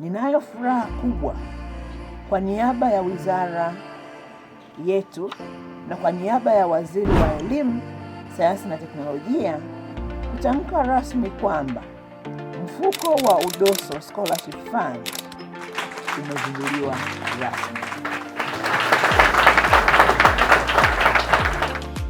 Ninayo furaha kubwa kwa niaba ya wizara yetu na kwa niaba ya Waziri wa Elimu, Sayansi na Teknolojia kutamka rasmi kwamba mfuko wa Udoso Scholarship Fund umezinduliwa rasmi.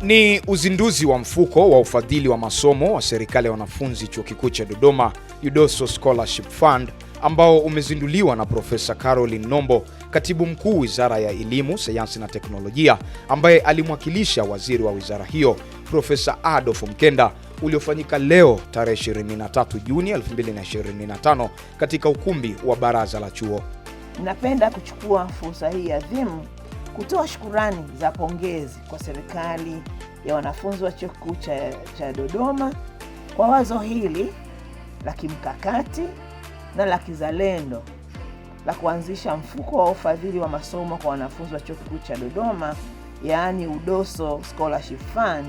Ni uzinduzi wa mfuko wa ufadhili wa masomo wa serikali ya wanafunzi Chuo Kikuu cha Dodoma, Udoso Scholarship Fund ambao umezinduliwa na Profesa Caroline Nombo, katibu mkuu Wizara ya Elimu, Sayansi na Teknolojia, ambaye alimwakilisha waziri wa wizara hiyo Profesa Adolf Mkenda, uliofanyika leo tarehe 23 Juni 2025 katika ukumbi wa Baraza la Chuo. Napenda kuchukua fursa hii adhimu kutoa shukurani za pongezi kwa serikali ya wanafunzi wa Chuo Kikuu cha, cha Dodoma kwa wazo hili la kimkakati na la kizalendo la kuanzisha mfuko wa ufadhili wa masomo kwa wanafunzi wa Chuo Kikuu cha Dodoma, yaani UDOSO Scholarship Fund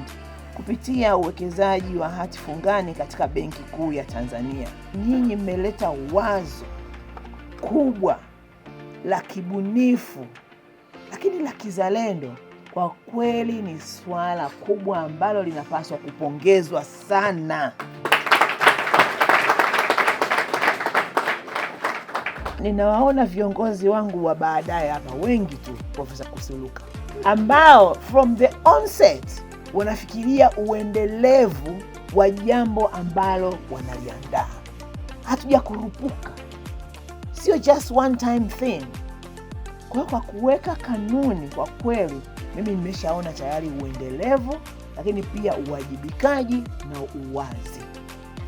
kupitia uwekezaji wa hati fungani katika Benki Kuu ya Tanzania. Nyinyi mmeleta wazo kubwa la kibunifu lakini la kizalendo. Kwa kweli ni swala kubwa ambalo linapaswa kupongezwa sana. ninawaona viongozi wangu wa baadaye hapa wengi tu, Profesa Kusuluka, mm. ambao from the onset wanafikiria uendelevu wa jambo ambalo wanaliandaa. Hatuja kurupuka, sio just one time thing. Kwa hiyo kwa kuweka kanuni, kwa kweli mimi nimeshaona tayari uendelevu, lakini pia uwajibikaji na uwazi.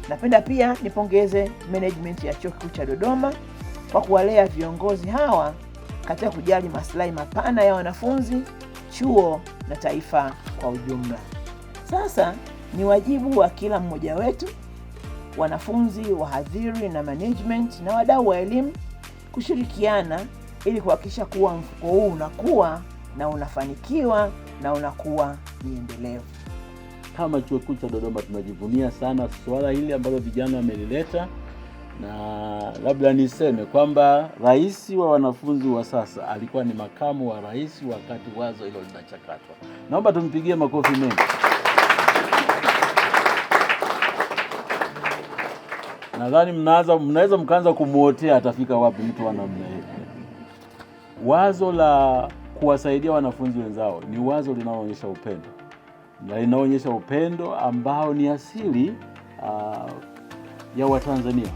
Napenda pia nipongeze management ya Chuo Kikuu cha Dodoma kwa kuwalea viongozi hawa katika kujali maslahi mapana ya wanafunzi, chuo na taifa kwa ujumla. Sasa ni wajibu wa kila mmoja wetu, wanafunzi, wahadhiri na management na wadau wa elimu kushirikiana ili kuhakikisha kuwa mfuko huu unakuwa na unafanikiwa na unakuwa ni endelevu. Kama Chuo Kikuu cha Dodoma tunajivunia sana suala hili ambalo vijana wamelileta na labda niseme kwamba rais wa wanafunzi wa sasa alikuwa ni makamu wa rais wakati wazo hilo linachakatwa. Naomba tumpigie makofi mengi. Nadhani mnaanza mnaweza mkaanza kumwotea atafika wapi mtu wa namna hiyo. Wazo la kuwasaidia wanafunzi wenzao ni wazo linaloonyesha upendo na linaonyesha upendo ambao ni asili uh, ya Watanzania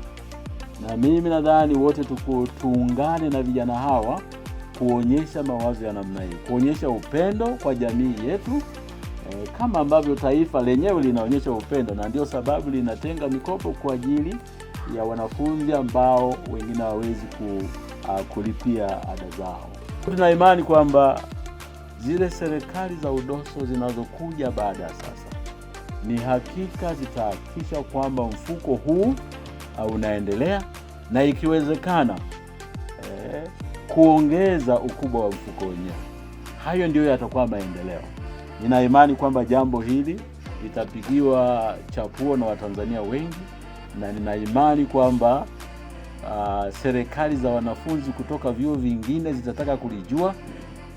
na mimi nadhani wote tuungane na vijana hawa kuonyesha mawazo ya namna hii, kuonyesha upendo kwa jamii yetu e, kama ambavyo taifa lenyewe linaonyesha upendo, na ndio sababu linatenga mikopo kwa ajili ya wanafunzi ambao wengine hawawezi ku, uh, kulipia ada zao. Tuna imani kwamba zile serikali za udoso zinazokuja baada ya sasa ni hakika zitahakikisha kwamba mfuko huu unaendelea na ikiwezekana eh, kuongeza ukubwa wa mfuko wenyewe. Hayo ndiyo yatakuwa maendeleo. Nina imani kwamba jambo hili litapigiwa chapuo na Watanzania wengi, na nina imani kwamba uh, serikali za wanafunzi kutoka vyuo vingine zitataka kulijua,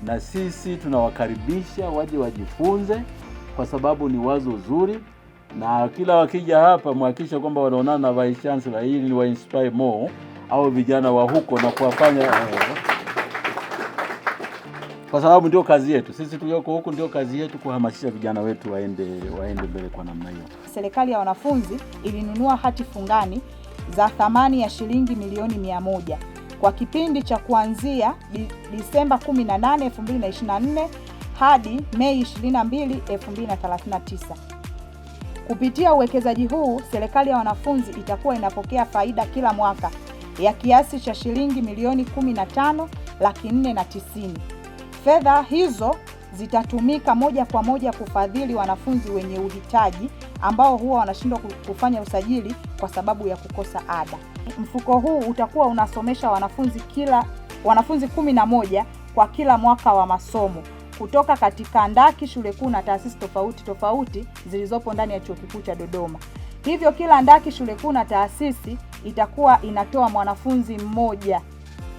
na sisi tunawakaribisha waje wajifunze, kwa sababu ni wazo zuri na kila wakija hapa mhakikisha kwamba wanaonana na vice chancellor ili ni wa inspire more au vijana wa huko na kuwafanya kwa sababu ndio kazi yetu sisi tulioko huku, ndio kazi yetu kuhamasisha vijana wetu waende waende mbele kwa namna hiyo. Serikali ya wanafunzi ilinunua hati fungani za thamani ya shilingi milioni mia moja kwa kipindi cha kuanzia Disemba 18, 2024 hadi Mei 22, 2039. Kupitia uwekezaji huu, serikali ya wanafunzi itakuwa inapokea faida kila mwaka ya kiasi cha shilingi milioni 15 laki 4 na 90. Fedha hizo zitatumika moja kwa moja kufadhili wanafunzi wenye uhitaji ambao huwa wanashindwa kufanya usajili kwa sababu ya kukosa ada. Mfuko huu utakuwa unasomesha wanafunzi kila wanafunzi 11 kwa kila mwaka wa masomo kutoka katika ndaki shule kuu na taasisi tofauti tofauti zilizopo ndani ya chuo kikuu cha Dodoma. Hivyo kila ndaki shule kuu na taasisi itakuwa inatoa mwanafunzi mmoja,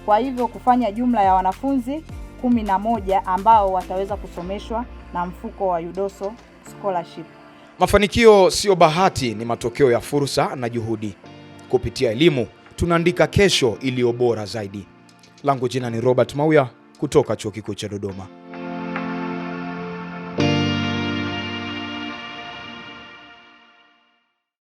kwa hivyo kufanya jumla ya wanafunzi kumi na moja ambao wataweza kusomeshwa na mfuko wa Yudoso Scholarship. Mafanikio sio bahati, ni matokeo ya fursa na juhudi. Kupitia elimu tunaandika kesho iliyo bora zaidi. Langu jina ni Robert Mauya kutoka Chuo Kikuu cha Dodoma.